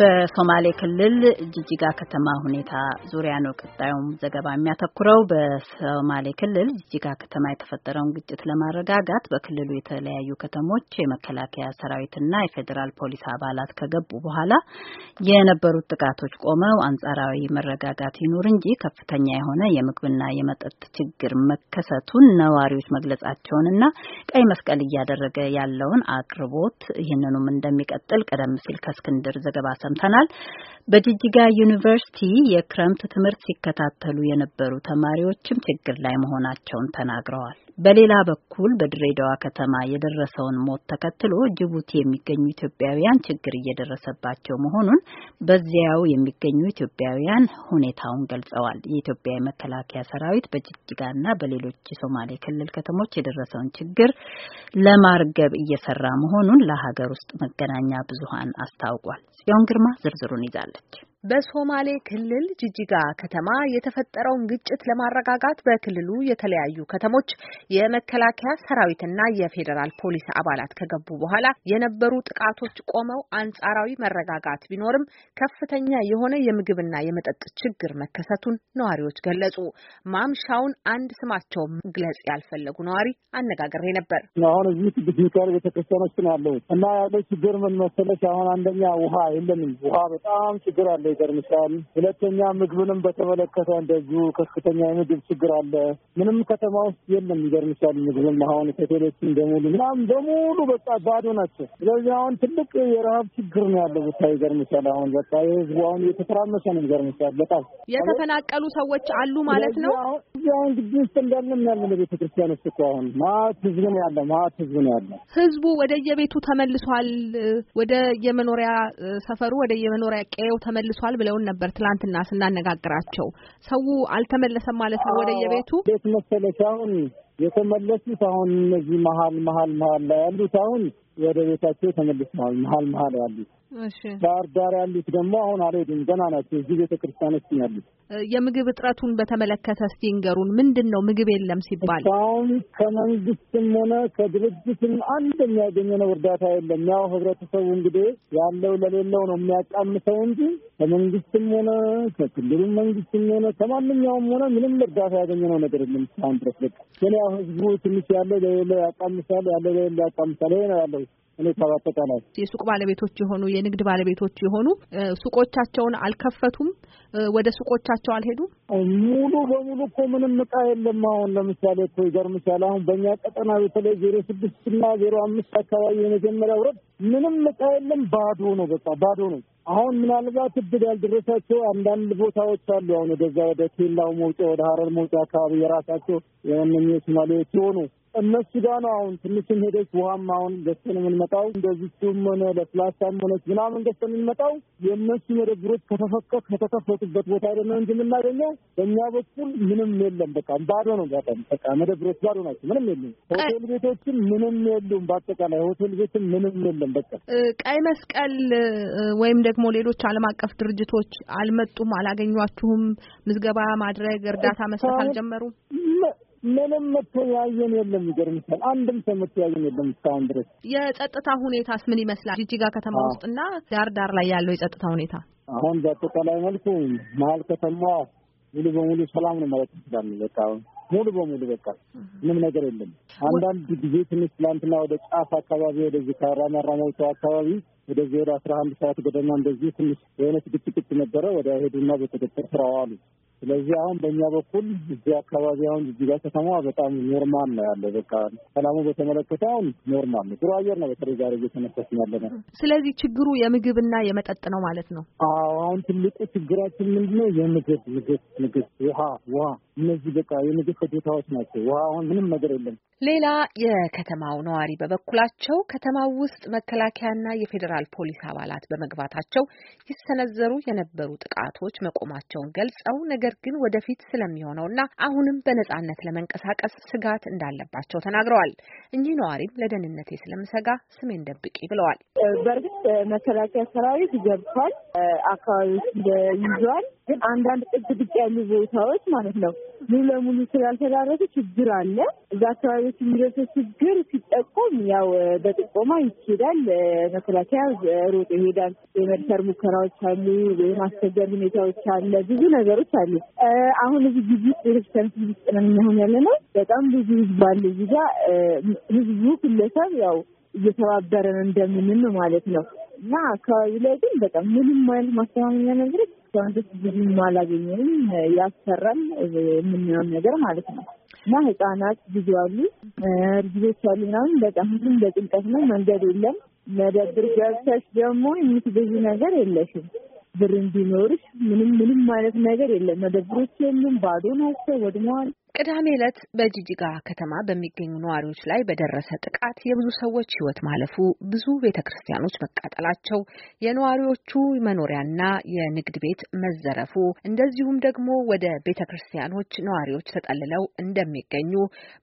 በሶማሌ ክልል ጅጅጋ ከተማ ሁኔታ ዙሪያ ነው ቀጣዩም ዘገባ የሚያተኩረው። በሶማሌ ክልል ጅጅጋ ከተማ የተፈጠረውን ግጭት ለማረጋጋት በክልሉ የተለያዩ ከተሞች የመከላከያ ሰራዊትና የፌዴራል ፖሊስ አባላት ከገቡ በኋላ የነበሩት ጥቃቶች ቆመው አንጻራዊ መረጋጋት ይኑር እንጂ ከፍተኛ የሆነ የምግብና የመጠጥ ችግር መከሰቱን ነዋሪዎች መግለጻቸውንና ቀይ መስቀል እያደረገ ያለውን አቅርቦት ይህንኑም እንደሚቀጥል ቀደም ሲል ከእስክንድር ዘገባ ሰምተናል። በጅጅጋ ዩኒቨርሲቲ የክረምት ትምህርት ሲከታተሉ የነበሩ ተማሪዎችም ችግር ላይ መሆናቸውን ተናግረዋል። በሌላ በኩል በድሬዳዋ ከተማ የደረሰውን ሞት ተከትሎ ጅቡቲ የሚገኙ ኢትዮጵያውያን ችግር እየደረሰባቸው መሆኑን በዚያው የሚገኙ ኢትዮጵያውያን ሁኔታውን ገልጸዋል። የኢትዮጵያ የመከላከያ ሰራዊት በጅጅጋና በሌሎች የሶማሌ ክልል ከተሞች የደረሰውን ችግር ለማርገብ እየሰራ መሆኑን ለሀገር ውስጥ መገናኛ ብዙኃን አስታውቋል። ጽዮን ግርማ ዝርዝሩን ይዛለች። በሶማሌ ክልል ጅጅጋ ከተማ የተፈጠረውን ግጭት ለማረጋጋት በክልሉ የተለያዩ ከተሞች የመከላከያ ሰራዊትና የፌዴራል ፖሊስ አባላት ከገቡ በኋላ የነበሩ ጥቃቶች ቆመው አንጻራዊ መረጋጋት ቢኖርም ከፍተኛ የሆነ የምግብና የመጠጥ ችግር መከሰቱን ነዋሪዎች ገለጹ። ማምሻውን አንድ ስማቸው መግለጽ ያልፈለጉ ነዋሪ አነጋግሬ ነበር። አሁን እዚህ ቅዱስ ያል ነው እና ያለው ችግር ምን መሰለሽ? አሁን አንደኛ ውሃ የለንም። ውሃ በጣም ችግር አለ እንዳለ ይቀርምሻል። ሁለተኛ ምግብንም በተመለከተ እንደዚሁ ከፍተኛ የምግብ ችግር አለ። ምንም ከተማ ውስጥ የለም። ይገርምሻል። ምግብም አሁን ሆቴሎችን በሙሉ ምናምን በሙሉ በቃ ባዶ ናቸው። ስለዚህ አሁን ትልቅ የረሀብ ችግር ነው ያለው ቦታ ይገርምሻል። አሁን በቃ የህዝቡ አሁን እየተተራመሰ ነው ይገርምሻል። በጣም የተፈናቀሉ ሰዎች አሉ ማለት ነው። እዚህ አሁን ግቢ ውስጥ እንዳለም ያለ ለቤተ ክርስቲያን ውስጥ እኮ አሁን ማት ህዝብ ነው ያለ ማት ህዝብ ነው ያለ። ህዝቡ ወደ የቤቱ ተመልሷል። ወደ የመኖሪያ ሰፈሩ ወደ የመኖሪያ ቀየው ተመልሷል ተመልሷል ብለውን ነበር ትላንትና ስናነጋግራቸው። ሰው አልተመለሰም ማለት ነው ወደ የቤቱ ቤት መሰለሽ አሁን የተመለሱት አሁን እነዚህ መሀል መሀል መሀል ላይ ያሉት አሁን ወደ ቤታቸው ተመልሰዋል። መሀል መሀል ያሉት ባህር ዳር ያሉት ደግሞ አሁን አልሄድም፣ ገና ናቸው። እዚህ ቤተ ክርስቲያን ውስጥ ያሉት። የምግብ እጥረቱን በተመለከተ እስቲ ንገሩን። ምንድን ነው ምግብ የለም ሲባል? አሁን ከመንግስትም ሆነ ከድርጅትም አንድ የሚያገኘነው እርዳታ የለም። ያው ህብረተሰቡ እንግዲህ ያለው ለሌለው ነው የሚያቃምሰው እንጂ ከመንግስትም ሆነ ከክልሉም መንግስትም ሆነ ከማንኛውም ሆነ ምንም እርዳታ ያገኘነው ነገር የለም እስካሁን ድረስ። በቃ ግን ያው ህዝቡ ትንሽ ያለው ለሌለው ያቃምሳል፣ ያለው ለሌለው ያቃምሳል። ይሄ ነው ያለው ሁኔታ በአጠቃላይ የሱቅ ባለቤቶች የሆኑ የንግድ ባለቤቶች የሆኑ ሱቆቻቸውን አልከፈቱም፣ ወደ ሱቆቻቸው አልሄዱም። ሙሉ በሙሉ እኮ ምንም እቃ የለም። አሁን ለምሳሌ እኮ ይገርምሻል፣ አሁን በእኛ ቀጠና በተለይ ዜሮ ስድስት እና ዜሮ አምስት አካባቢ የመጀመሪያ ውረት ምንም እቃ የለም፣ ባዶ ነው፣ በቃ ባዶ ነው። አሁን ምናልባት እድል ያልደረሳቸው አንዳንድ ቦታዎች አሉ። አሁን ወደዛ ወደ ኬላው መውጫ ወደ ሀረር መውጫ አካባቢ የራሳቸው የእነኚህ ሶማሌዎች የሆኑ እነሱ ጋር ነው አሁን ትንሽም ሄደች ውሃም አሁን ገዝተን የምንመጣው እንደዚችም ሆነ ለስላሳም ሆነች ምናምን ገዝተን የምንመጣው የእነሱ መደብሮች ከተፈከ ከተከፈቱበት ቦታ አይደለም እንጂ የምናገኘው በእኛ በኩል ምንም የለም። በቃ ባዶ ነው። በጣም በቃ መደብሮች ባዶ ናቸው። ምንም የለም። ሆቴል ቤቶችም ምንም የሉም። በአጠቃላይ ሆቴል ቤትም ምንም የለም። በቃ ቀይ መስቀል ወይም ደግሞ ሌሎች ዓለም አቀፍ ድርጅቶች አልመጡም? አላገኟችሁም? ምዝገባ ማድረግ እርዳታ መስጠት አልጀመሩም? ምንም መተያየን የለም። ይገርምሻል፣ አንድም ሰው መተያየን የለም እስካሁን ድረስ። የጸጥታ ሁኔታስ ምን ይመስላል? ጅጅጋ ከተማ ውስጥና ዳር ዳር ላይ ያለው የጸጥታ ሁኔታ አሁን በአጠቃላይ መልኩ መሀል ከተማ ሙሉ በሙሉ ሰላም ነው ማለት ይችላል። በቃ ሙሉ በሙሉ በቃ ምንም ነገር የለም። አንዳንድ ጊዜ ትንሽ ትላንትና ወደ ጫፍ አካባቢ ወደዚህ ከራማራ መውጫ አካባቢ ወደዚህ ወደ አስራ አንድ ሰዓት ገደማ እንደዚህ ትንሽ የሆነች ግጭግጭ ነበረ። ወደ ሄዱና በቁጥጥር ስር አዋሉ። ስለዚህ አሁን በእኛ በኩል እዚህ አካባቢ አሁን ጅጅጋ ከተማ በጣም ኖርማል ነው ያለ። በቃ ሰላሙ በተመለከተ አሁን ኖርማል ነው፣ ጥሩ አየር ነው። በተለይ ዛሬ እየተነፈስን ያለ ነው። ስለዚህ ችግሩ የምግብና የመጠጥ ነው ማለት ነው። አዎ አሁን ትልቁ ችግራችን ምንድነው? የምግብ ምግብ ምግብ፣ ውሃ ውሃ፣ እነዚህ በቃ የምግብ ፍጆታዎች ናቸው። ውሃ አሁን ምንም ነገር የለም። ሌላ የከተማው ነዋሪ በበኩላቸው ከተማው ውስጥ መከላከያና የፌዴራል ፖሊስ አባላት በመግባታቸው ይሰነዘሩ የነበሩ ጥቃቶች መቆማቸውን ገልጸው ነገር ነገር ግን ወደፊት ስለሚሆነውና አሁንም በነጻነት ለመንቀሳቀስ ስጋት እንዳለባቸው ተናግረዋል። እኚህ ነዋሪም ለደህንነቴ ስለምሰጋ ስሜን ደብቂ ብለዋል። በእርግጥ መከላከያ ሰራዊት ገብቷል፣ አካባቢዎች ይዟል። ግን አንዳንድ ጥግ ብቅ ያሉ ቦታዎች ማለት ነው ሙሉ ለሙሉ ስላልተዳረሰ ችግር አለ። እዛ አካባቢዎች የሚደርሰው ችግር ሲጠቆም ያው በጥቆማ ይሄዳል። መከላከያ ሮጦ ይሄዳል። የመድፈር ሙከራዎች አሉ፣ የማስቸገር ሁኔታዎች አለ፣ ብዙ ነገሮች አሉ። አሁን እዚህ ጊዜ ውስጥ ቤተክርስቲያን ውስጥ ነን የሚሆን ያለ ነው። በጣም ብዙ ህዝብ አለ እዚህ ጋር ህዝቡ ግለሰብ ያው እየተባበረን እንደምንም ማለት ነው እና አካባቢ ላይ ግን በጣም ምንም አይነት ማስተማመኛ ነገሮች እስካሁን ድረስ ብዙም አላገኘንም። ያሰራል የምናየውን ነገር ማለት ነው እና ህጻናት ብዙ አሉ፣ ልጆች አሉ ምናምን በጣም ሁሉም በጭንቀት ነው። መንገድ የለም። መደብር ገብተሽ ደግሞ የምትገዢ ነገር የለሽም። ብር እንዲኖርሽ ምንም ምንም አይነት ነገር የለም። መደብሮች የሉም፣ ባዶ ናቸው፣ ወድመዋል። ቅዳሜ ዕለት በጂጂጋ ከተማ በሚገኙ ነዋሪዎች ላይ በደረሰ ጥቃት የብዙ ሰዎች ሕይወት ማለፉ፣ ብዙ ቤተ ክርስቲያኖች መቃጠላቸው፣ የነዋሪዎቹ መኖሪያና የንግድ ቤት መዘረፉ፣ እንደዚሁም ደግሞ ወደ ቤተ ክርስቲያኖች ነዋሪዎች ተጠልለው እንደሚገኙ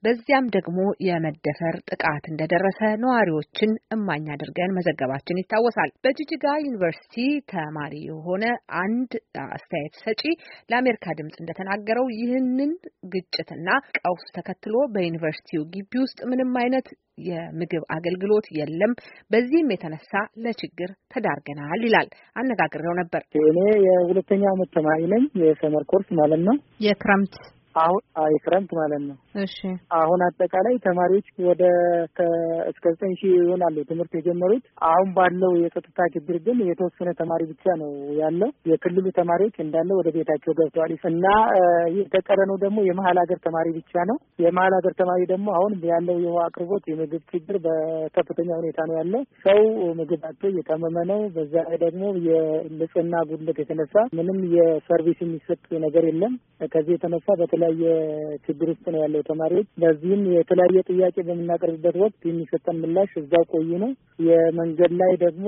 በዚያም ደግሞ የመደፈር ጥቃት እንደደረሰ ነዋሪዎችን እማኝ አድርገን መዘገባችን ይታወሳል። በጂጂጋ ዩኒቨርሲቲ ተማሪ የሆነ አንድ አስተያየት ሰጪ ለአሜሪካ ድምጽ እንደተናገረው ይህንን ግጭት ግጭትና ቀውስ ተከትሎ በዩኒቨርሲቲው ግቢ ውስጥ ምንም አይነት የምግብ አገልግሎት የለም። በዚህም የተነሳ ለችግር ተዳርገናል ይላል። አነጋግሬው ነበር። እኔ የሁለተኛ አመት ተማሪ ነኝ። የሰመር ኮርስ ማለት ነው። የክረምት አሁን የክረምት ማለት ነው። አሁን አጠቃላይ ተማሪዎች ወደ እስከ ዘጠኝ ሺህ ይሆናሉ ትምህርት የጀመሩት። አሁን ባለው የጸጥታ ችግር ግን የተወሰነ ተማሪ ብቻ ነው ያለው። የክልሉ ተማሪዎች እንዳለ ወደ ቤታቸው ገብተዋል እና የተቀረነው ደግሞ የመሀል ሀገር ተማሪ ብቻ ነው። የመሀል ሀገር ተማሪ ደግሞ አሁን ያለው የውሃ አቅርቦት፣ የምግብ ችግር በከፍተኛ ሁኔታ ነው ያለው። ሰው ምግብ አቶ እየታመመ ነው። በዛ ላይ ደግሞ የንጽህና ጉድለት የተነሳ ምንም የሰርቪስ የሚሰጥ ነገር የለም። ከዚህ የተነሳ በተለያየ ችግር ውስጥ ነው ያለው ተማሪዎች። በዚህም የተለያየ ጥያቄ በምናቀርብበት ወቅት የሚሰጠን ምላሽ እዛው ቆዩ ነው። የመንገድ ላይ ደግሞ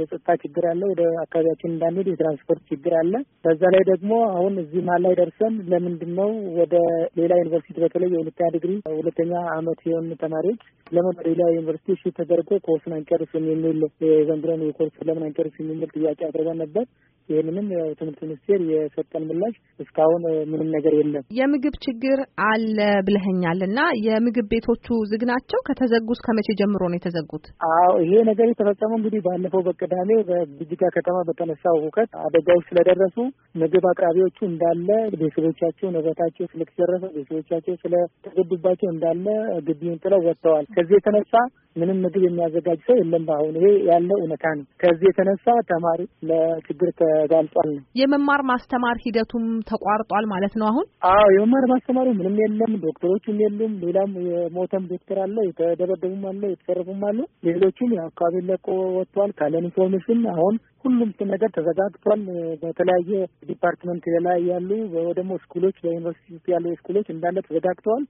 የጸጥታ ችግር አለ፣ ወደ አካባቢያችን እንዳንሄድ የትራንስፖርት ችግር አለ። በዛ ላይ ደግሞ አሁን እዚህ መሀል ላይ ደርሰን ለምንድን ነው ወደ ሌላ ዩኒቨርሲቲ በተለይ የሁለተኛ ዲግሪ ሁለተኛ አመት የሆኑ ተማሪዎች ለምን ወደ ሌላ ዩኒቨርሲቲ ሺ ተደርጎ ኮርስን አንጨርስም የሚል የዘንድሮን የኮርስ ለምን አንጨርስም የሚል ጥያቄ አቅርበን ነበር። ይህንንም ትምህርት ሚኒስቴር የሰጠን ምላሽ እስካሁን ምንም ነገር የለም። የምግብ ችግር አለ ብለ ብለኸኛልና የምግብ ቤቶቹ ዝግ ናቸው። ከተዘጉ እስከ መቼ ጀምሮ ነው የተዘጉት? አዎ ይሄ ነገር የተፈጸመው እንግዲህ ባለፈው በቅዳሜ በጅጅጋ ከተማ በተነሳው ሁከት አደጋዎች ስለደረሱ ምግብ አቅራቢዎቹ እንዳለ ቤተሰቦቻቸው ንብረታቸው ስለተዘረፈ ቤተሰቦቻቸው ስለተገዱባቸው እንዳለ ግቢውን ጥለው ወጥተዋል። ከዚህ የተነሳ ምንም ምግብ የሚያዘጋጅ ሰው የለም። በአሁኑ ይሄ ያለው እውነታ ነው። ከዚህ የተነሳ ተማሪ ለችግር ተጋልጧል ነው የመማር ማስተማር ሂደቱም ተቋርጧል ማለት ነው። አሁን አዎ የመማር ማስተማሩ ምንም የለም። ዶክተሮች ሰዎቹም የሉም። ሌላም የሞተም ዶክተር አለ፣ የተደበደቡም አለ፣ የተሰረፉም አሉ። ሌሎቹም የአካባቢ ለቆ ወጥቷል ካለን ኢንፎርሜሽን አሁን ሁሉም ነገር ተዘጋግቷል። በተለያየ ዲፓርትመንት ላይ ያሉ ደግሞ ስኩሎች በዩኒቨርሲቲ ውስጥ ያሉ ስኩሎች እንዳለ ተዘጋግተዋል።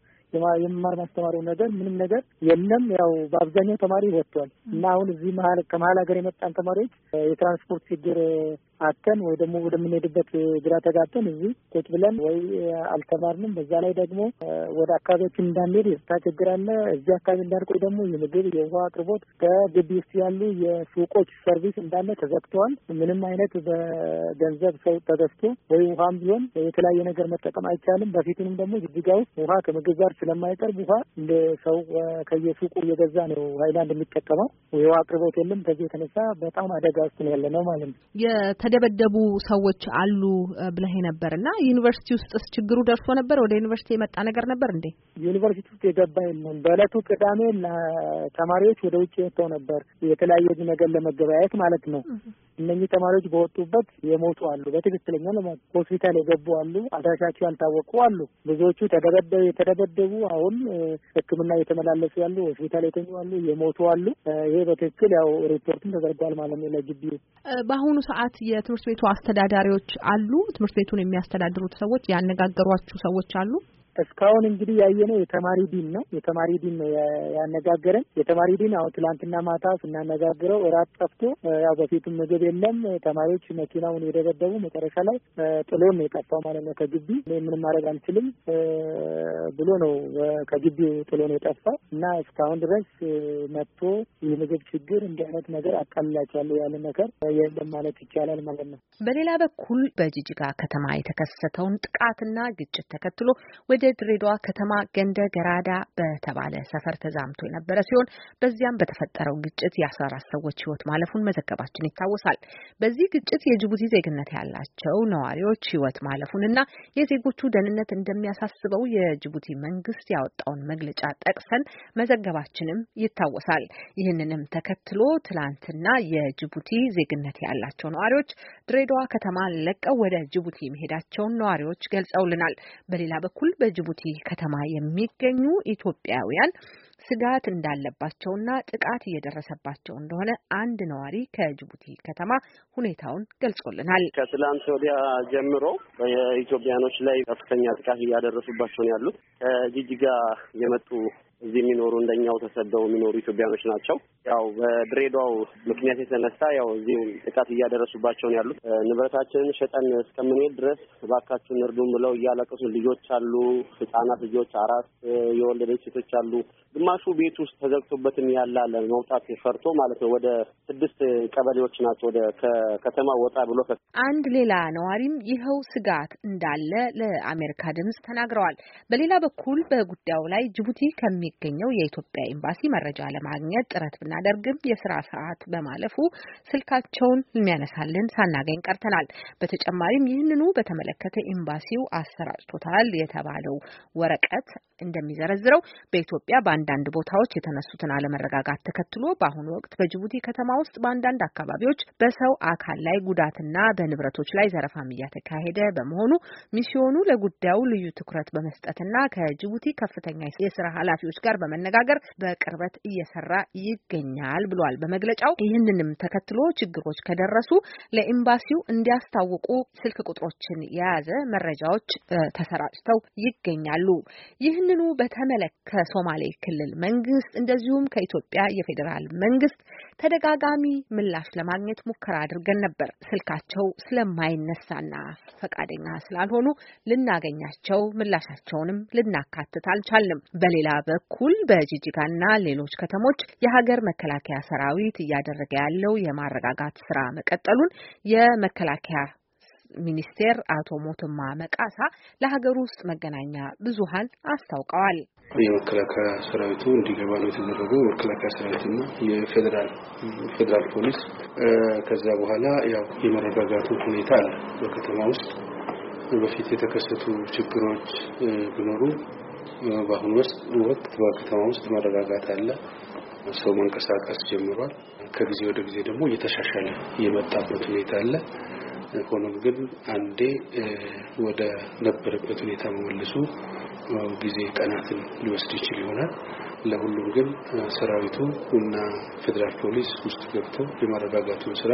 የመማር ማስተማሪው ነገር ምንም ነገር የለም። ያው በአብዛኛው ተማሪ ወጥቷል እና አሁን እዚህ መሀል ከመሀል ሀገር የመጣን ተማሪዎች የትራንስፖርት ችግር አተን ወይ ደግሞ ወደምንሄድበት ግራ ተጋብተን እዚህ ቁጭ ብለን ወይ አልተማርንም። በዛ ላይ ደግሞ ወደ አካባቢዎችን እንዳንሄድ የስታ ችግር አለ። እዚህ አካባቢ እንዳንቆይ ደግሞ የምግብ የውሃ አቅርቦት ከግቢ ውስጥ ያሉ የሱቆች ሰርቪስ እንዳለ ተዘግተዋል። ምንም አይነት በገንዘብ ሰው ተገዝቶ ወይ ውሃም ቢሆን የተለያየ ነገር መጠቀም አይቻልም። በፊቱንም ደግሞ ጅጅጋ ውስጥ ውሃ ከምግብ ጋር ስለማይቀርብ ውሃ ሰው ከየሱቁ እየገዛ ነው ሀይላንድ የሚጠቀመው። የውሃ አቅርቦት የለም። ከዚህ የተነሳ በጣም አደጋ ውስጥ ነው ያለ ነው ማለት ነው። የተደበደቡ ሰዎች አሉ ብለህ ነበር እና ዩኒቨርሲቲ ውስጥስ ችግሩ ደርሶ ነበር? ወደ ዩኒቨርሲቲ የመጣ ነገር ነበር እንዴ? ዩኒቨርሲቲ ውስጥ የገባ የለም። በእለቱ ቅዳሜ ተማሪዎች ወደ ውጭ ወጥተው ነበር የተለያየ ነገር ለመገበያየት ማለት ነው። እነኚህ ተማሪዎች በወጡበት የሞቱ አሉ። በትክክለኛ ለማለት ሆስፒታል የገቡ አሉ። አድራሻቸው ያልታወቁ አሉ። ብዙዎቹ የተደበደቡ አሁን ሕክምና እየተመላለሱ ያሉ ሆስፒታል የተኙ አሉ፣ የሞቱ አሉ። ይሄ በትክክል ያው ሪፖርትም ተዘርጓል ማለት ነው ለግቢው። በአሁኑ ሰዓት የትምህርት ቤቱ አስተዳዳሪዎች አሉ፣ ትምህርት ቤቱን የሚያስተዳድሩት ሰዎች ያነጋገሯችሁ ሰዎች አሉ? እስካሁን እንግዲህ ያየነው የተማሪ ዲን ነው። የተማሪ ዲን ነው ያነጋገረን። የተማሪ ዲን አሁን ትላንትና ማታ ስናነጋግረው እራት ጠፍቶ ያው በፊቱም ምግብ የለም ተማሪዎች መኪናውን የደበደቡ መጨረሻ ላይ ጥሎን የጠፋው ማለት ነው ከግቢ ምንም ማድረግ አልችልም ብሎ ነው ከግቢው ጥሎን የጠፋው እና እስካሁን ድረስ መጥቶ የምግብ ችግር እንዲህ አይነት ነገር አቃልላቸዋለሁ ያለ ነገር የለም ማለት ይቻላል ማለት ነው። በሌላ በኩል በጅጅጋ ከተማ የተከሰተውን ጥቃትና ግጭት ተከትሎ ወደ ድሬዳዋ ከተማ ገንደ ገራዳ በተባለ ሰፈር ተዛምቶ የነበረ ሲሆን በዚያም በተፈጠረው ግጭት የ14 ሰዎች ህይወት ማለፉን መዘገባችን ይታወሳል። በዚህ ግጭት የጅቡቲ ዜግነት ያላቸው ነዋሪዎች ህይወት ማለፉንና የዜጎቹ ደህንነት እንደሚያሳስበው የጅቡቲ መንግስት ያወጣውን መግለጫ ጠቅሰን መዘገባችንም ይታወሳል። ይህንንም ተከትሎ ትላንትና የጅቡቲ ዜግነት ያላቸው ነዋሪዎች ድሬዳዋ ከተማ ለቀው ወደ ጅቡቲ መሄዳቸውን ነዋሪዎች ገልጸውልናል። በሌላ በኩል በጅቡቲ ከተማ የሚገኙ ኢትዮጵያውያን ስጋት እንዳለባቸውና ጥቃት እየደረሰባቸው እንደሆነ አንድ ነዋሪ ከጅቡቲ ከተማ ሁኔታውን ገልጾልናል። ከትላንት ወዲያ ጀምሮ የኢትዮጵያኖች ላይ ከፍተኛ ጥቃት እያደረሱባቸው ነው ያሉት። ከጅጅጋ የመጡ እዚህ የሚኖሩ እንደኛው ተሰደው የሚኖሩ ኢትዮጵያኖች ናቸው። ያው በድሬዳዋው ምክንያት የተነሳ ያው እዚህ ጥቃት እያደረሱባቸውን ያሉት ንብረታችንን ሸጠን እስከምንሄድ ድረስ እባካችሁን እርዱን ብለው እያለቀሱ ልጆች አሉ፣ ህጻናት ልጆች፣ አራት የወለደች ሴቶች አሉ። ግማሹ ቤት ውስጥ ተዘግቶበትም ያለ አለ። መውጣት ፈርቶ ማለት ነው። ወደ ስድስት ቀበሌዎች ናቸው ወደ ከተማ ወጣ ብሎ አንድ ሌላ ነዋሪም ይኸው ስጋት እንዳለ ለአሜሪካ ድምጽ ተናግረዋል። በሌላ በኩል በጉዳዩ ላይ ጅቡቲ ከሚ ከሚገኘው የኢትዮጵያ ኤምባሲ መረጃ ለማግኘት ጥረት ብናደርግም የስራ ሰዓት በማለፉ ስልካቸውን የሚያነሳልን ሳናገኝ ቀርተናል። በተጨማሪም ይህንኑ በተመለከተ ኤምባሲው አሰራጭቶታል የተባለው ወረቀት እንደሚዘረዝረው በኢትዮጵያ በአንዳንድ ቦታዎች የተነሱትን አለመረጋጋት ተከትሎ በአሁኑ ወቅት በጅቡቲ ከተማ ውስጥ በአንዳንድ አካባቢዎች በሰው አካል ላይ ጉዳትና በንብረቶች ላይ ዘረፋም እያተካሄደ በመሆኑ ሚስዮኑ ለጉዳዩ ልዩ ትኩረት በመስጠትና ከጅቡቲ ከፍተኛ የስራ ኃላፊዎች ጋር በመነጋገር በቅርበት እየሰራ ይገኛል ብሏል በመግለጫው። ይህንንም ተከትሎ ችግሮች ከደረሱ ለኤምባሲው እንዲያስታውቁ ስልክ ቁጥሮችን የያዘ መረጃዎች ተሰራጭተው ይገኛሉ። ይህንኑ በተመለከ ከሶማሌ ክልል መንግስት እንደዚሁም ከኢትዮጵያ የፌዴራል መንግስት ተደጋጋሚ ምላሽ ለማግኘት ሙከራ አድርገን ነበር። ስልካቸው ስለማይነሳና ፈቃደኛ ስላልሆኑ ልናገኛቸው ምላሻቸውንም ልናካትት አልቻልንም። በሌላ በኩል በጂጂጋና ሌሎች ከተሞች የሀገር መከላከያ ሰራዊት እያደረገ ያለው የማረጋጋት ስራ መቀጠሉን የመከላከያ ሚኒስቴር አቶ ሞትማ መቃሳ ለሀገር ውስጥ መገናኛ ብዙሃን አስታውቀዋል። የመከላከያ ሰራዊቱ እንዲገባ ነው የተደረገው። የመከላከያ ሰራዊትና የፌዴራል ፌዴራል ፖሊስ ከዛ በኋላ ያው የመረጋጋቱ ሁኔታ አለ። በከተማ ውስጥ በፊት የተከሰቱ ችግሮች ቢኖሩ በአሁኑ ወቅት በከተማ ውስጥ መረጋጋት አለ። ሰው መንቀሳቀስ ጀምሯል። ከጊዜ ወደ ጊዜ ደግሞ እየተሻሻለ የመጣበት ሁኔታ አለ። ሆኖም ግን አንዴ ወደ ነበረበት ሁኔታ መመልሱ ጊዜ ቀናትን ሊወስድ ይችል ይሆናል። ለሁሉም ግን ሰራዊቱ እና ፌዴራል ፖሊስ ውስጥ ገብተው የማረጋጋቱን ስራ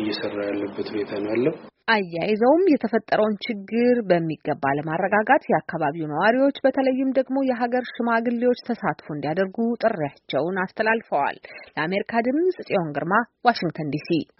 እየሰራ ያለበት ሁኔታ ነው ያለው። አያይዘውም የተፈጠረውን ችግር በሚገባ ለማረጋጋት የአካባቢው ነዋሪዎች በተለይም ደግሞ የሀገር ሽማግሌዎች ተሳትፎ እንዲያደርጉ ጥሪያቸውን አስተላልፈዋል። ለአሜሪካ ድምጽ ጽዮን ግርማ ዋሽንግተን ዲሲ